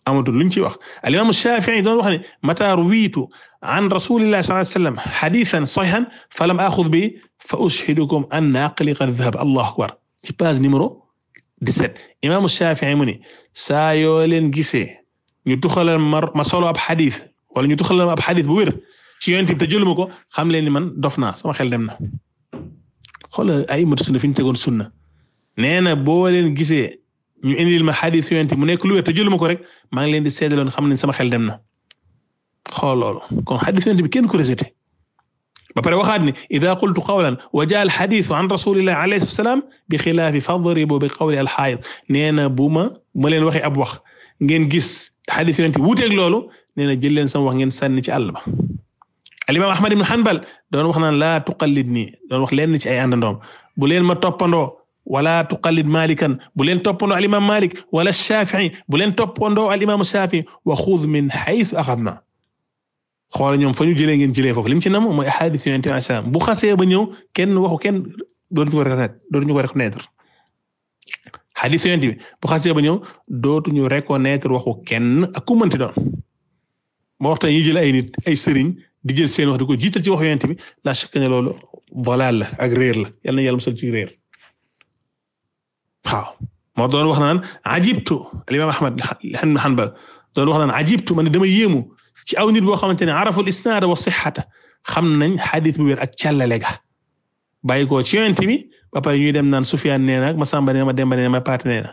amatul luñ ci wax al-imam Shafi'i doon wax ne mata ruwitu an rasulillahi sallallahu alayhi wasallam hadithan sahihan falam axud bi fa ushhidukum an aqli qad dhahab allahu akbar ci page numéro 17 imam Shafi'i mu ne saa yoo leen gisee ñu tuxalal ma solo ab xadis wala ñu tuxalal ma ab xadis bu wér ci yonent bi te jëluma ko xam leen ni man dof naa sama xel dem na xoolal ay imatu sunna fi ñu tegoon sunna nee na boo leen gisee ñu indil ma xadis mu nekk lu wér te jëluma ko rek maa ngi leen di seedaloon xam ne sama xel dem na xool loolu kon xadis yonent bi kenn ko ba pare waxaat ni ida qultu qawlan wa jaa al xadisu an rasulillahi alayhi salaam bi xilaafi fadribu bi qawli al xaayid nee na bu ma ma leen waxee ab wax ngeen gis xadis yonent loolu nee na jël leen sama wax ngeen sànni ci àll ba alimam ahmad ibn hanbal doon wax naan laa tuqallid nii doon wax leen ci ay àndandoom bu leen ma toppandoo wala tuqallid malikan bu leen toppandoo al imam malik wala shafii bu leen toppandoo al imam shafii wa xud min xaytu axadna xool ñoom fa ñu jëlee ngeen jëlee foofu lim ci nam mooy ahadith yonent bi salaam bu xasee ba ñëw kenn waxu kenn dootuñu ko reconnaître dootuñu ko reconnaître hadith bu xasee ba ñëw dootuñu reconnaître waxu kenn ak ku mënti doon moo waxtaan yi jël ay nit ay sëriñ di jël seen wax ko jiital ci wax yonent bi la shakka ne loolu dalaal la ak réer la yal na yàlla musal ci réer waaw moo doon wax naan ajibtu alimam ahmad ibn hanbal doon wax naan ajibtu man dama yéemu ci aw nit boo xamante ne araful isnaad wa sixata xam nañ xadis bu wér ak càllale ga bàyyi ko ci yonent bi ba pare ñuy dem naan Sufyaan nee na ak Masamba nee na ma Demba nee na ma Paate nee na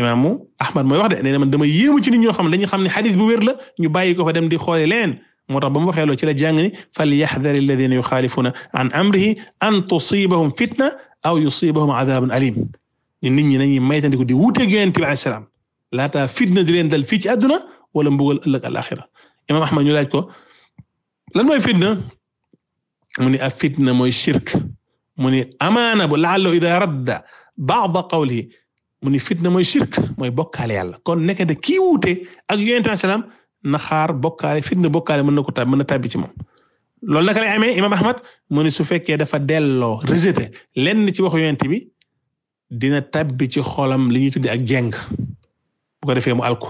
imaamu ahmad mooy wax de nee na man dama yéemu ci nit ñoo xam ne dañu xam ne xadis bu wér la ñu bàyyi ko fa dem di xoole leen moo tax ba mu waxee loo ci la jàng ni falyahdar alladina yuxaalifuna an amrihi an tusibahum fitna aw yusibahum adabun alim nit ñi nañuy maytandiku di wute yonent bi alayhi laata fitna di leen dal fii ci àdduna wala mbugal ëllëg alaxira imaam Ahmad ñu laaj ko lan mooy fitna mu ni ab fitna mooy shirk mu amaana bu laallo ida radda ba'da qawlihi mu ni fitna mooy shirk mooy bokkaale yàlla kon nekk de kii wuute ak yonent bi salaam na xaar bokkaale fitna bokkaale mën na ko tab mën na tabbi ci moom loolu naka lay amee imaam Ahmad mu su fekkee dafa delloo rejeté lenn ci waxu yonent bi dina tabbi ci xolam li ñuy tudde ak jeng bu ko defee mu alku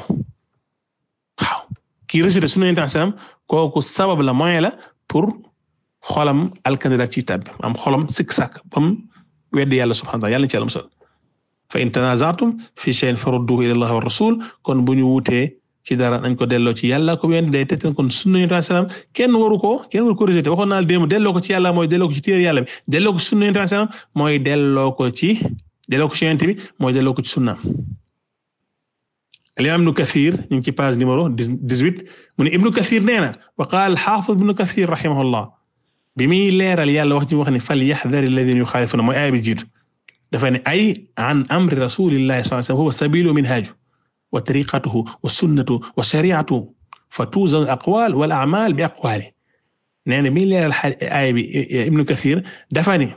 waaw kii résulé sunu intention kooku sabab la moyen la pour xolam alkandidat ci tabbi am xolam sikk sàkk bam weddi yàlla subhanahu wa ta'ala yàlla ci yàlla musal fa in tanaza'tum fi shay'in farudduhu ila Allah wa rasul kon bu ñu wutee ci dara nañ ko delloo ci yàlla ko yéen day tëj kon sunna yonent sallam kenn waru ko kenn waru ko rejeté waxoon naa démb delloo ko ci yàlla mooy delloo yàlla delloo ko sunna yonent sallam mooy delloo ko ci delloo ko ci yonent bi mooy delloo ko ci sunnaam al imaam ibnu kathir ñu ngi ci page numéro dix-huit mu ne ibnu kathir nee na wa qaala al-xaafid ibnu kathir rahimahullah bi muy leeral yàlla wax ci wax ne fal yaxdari alladina yuxaalifuuna mooy aaya bi jiitu dafa ne ay an amri rasulillahi sallallahu alayhi wa sallam huwa sabilu wa minhaaju wa tariqatuhu wa sunnatu wa shari'atu fa tuuzan al-aqwaal wal a'maal bi aqwaali nee na bi muy leeral aaya bi ibnu kathir dafa ne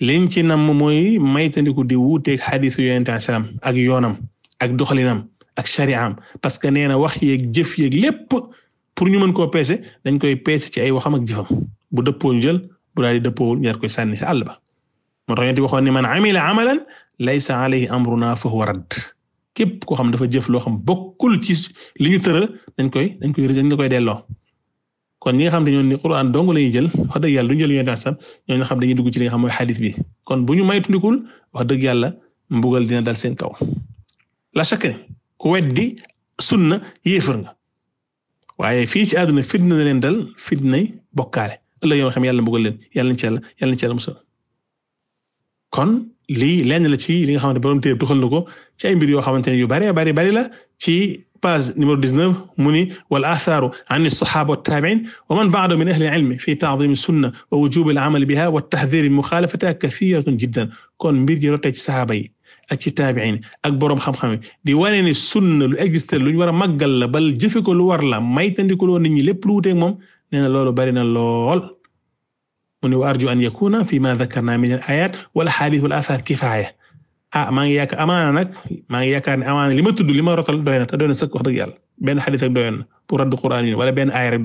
liñ ci nam mooy maytandiku di wuuteeg xadiisu yonent salaam ak yoonam ak doxalinam ak shari'am parce que nee na wax yeeg jëf yeeg lépp pour ñu mën koo peese dañ koy peese ci ay waxam ak jëfam bu dëppoo ñu jël bu daal di dëppoowul ñaar koy sànni si àll ba moo tax yonent waxoon ni man amila amalan laysa alayhi amruna fa huwa radd képp koo xam dafa jëf loo xam bokkul ci li ñu tëral dañ koy dañ koy dañ la koy delloo kon ñi xam ne ñoom ni Qur'an dong la ñuy jël yàlla duñu jël yonent ñoo nga xam dañuy dugg ci li nga xam mooy xadis bi wax dëgg yàlla mbugal dina dal seen kaw la chaque ku weddi sunna yéefar nga waaye fii ci àdduna fitna na leen dal fitnay bokkaale ëllëg yoo xam yàlla mbugal leen yàlla na ci yàlla yàlla na ci musal kon lii lenn la ci li nga xamante borom téere tuxal na ko ci ay mbir yoo xamante ne yu bari bari bari la ci page numéro 19 mu ni wal athaaru an as-sahaaba wa taabiin wa man ba'dahum min ahli al-ilm fi ta'ziim sunna wa wujuub al-amal biha wa tahdhiir min mukhalafatiha kathiratun jiddan kon mbir yi rotee ci sahaaba yi ak ci taabiin ak boroom xam-xam di wane ni sunna lu existé lu ñu war a màggal la bal jëfe ko lu war la maytandiku loo nit ñi lépp lu wuteeg moom nee na loolu bari na lool mu ne wa arju an yakuna fi ma dhakarna min al-ayaat wal ahaadiith wal aathaar kifaaya ah maa ngi yaakaar amaana nag ngi yaakaar ne amaana li ma tudd li ma rotal doy na sëkk wax dëgg yàlla benn xadis rek pour radd Qur'an yi wala benn aaya rek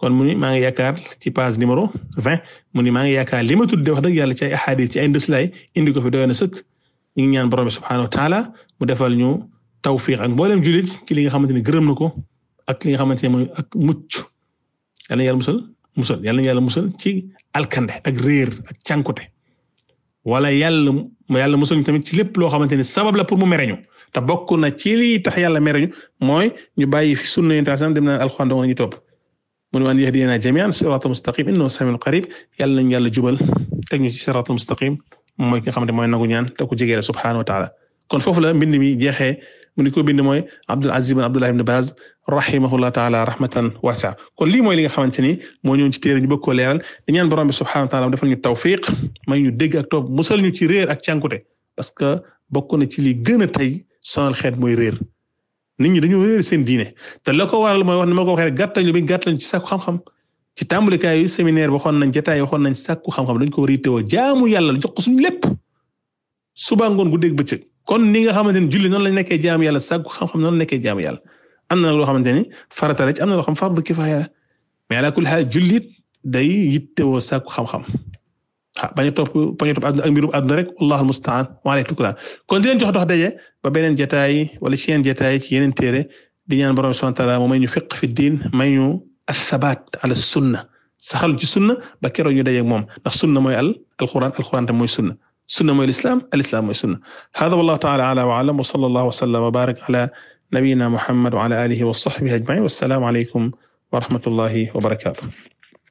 kon mu ni maa ngi yaakaar ci page numéro vingt mu ni maa ngi yaakaar li ma tudd wax dëgg yàlla ci ay ahadis ci ay ndëslaay indi ko fi doyoon na sëkk ñu ngi ñaan borom bi subhaanahu wa taala mu defal ñu tawfiq ak mboolem julit ci li nga xamante ne gërëm na ko ak li nga xamante ne mooy ak mucc yal na yàlla musal musal yal na yàlla musal ci alkande ak réer ak cànkute mu yàlla musal ñu tamit ci lépp loo xamante ni sabab la pour mu mereñu te bokk na ci lii tax yàlla mereñu mooy ñu bàyyi fi sunna yi tax dem naan alxuraan dong la ñuy topp mu ne an yahdiyana jami'an siraatal mustaqim innahu samiun qarib yàlla nañu yàlla jubal teg ñu ci siraatal mustaqim mooy ki nga mooy nangu ñaan te jege la subhaanahu wa kon foofu la mbind mi jeexee mu ni ko bind mooy Abdul Aziz bin Abdullah ibn Baz rahimahullah taala rahmatan wasia kon lii mooy li nga xamante ni moo ñëw ci téere ñu bokkoo koo leeral di ñaan borom bi subhanahu wa taala defal ñu tawfiq may ñu dégg ak topp musal ñu ci réer ak cànkute parce que bokk na ci li gën a tey sonal xeet mooy réer nit ñi dañoo réer seen diine te la ko waral mooy wax ni ma ko waxee rek gàttañu bi gàttañu ci sàkku xam-xam ci tàmbalikaayu séminaire waxoon nañ jotaay waxoon nañ sàkku xam dañ ko war a jaamu yàlla jox ko suñu lépp suba ngoon guddeeg bëccëg kon ni nga xamante ni julli noonu lañ nekkee jaam yàlla sàkku xam-xam noonu nekkee jaamu yàlla am na loo xamante ni farata la am na loo xam fardu kifaaya la mais ala kulli xaal jullit day yittewoo sàkku xam-xam ah bañ a topp bañ a topp ak mbirum àdduna rek wallaahu musta'aan wa alayhi tuklaan kon di leen jox daje ba beneen jotaay wala ci yeneen jotaay ci yeneen téere di ñaan borom subhaanahu wa ta'aala may ñu fiq fi diin may ñu athabaat ala sunna saxal ci sunna ba keroog ñu dajeeg moom ndax sunna mooy al alquran alquran tam mooy sunna sunna mooy lislaam alislaam mooy sunna hada wallahu taala ala wa alam wa sallallahu wa sallam wa barak ala nabiyyina muhammad wa ala alihi wa sahbihi ajmain wassalaamu aleykum wa rahmatullahi wa barakatuh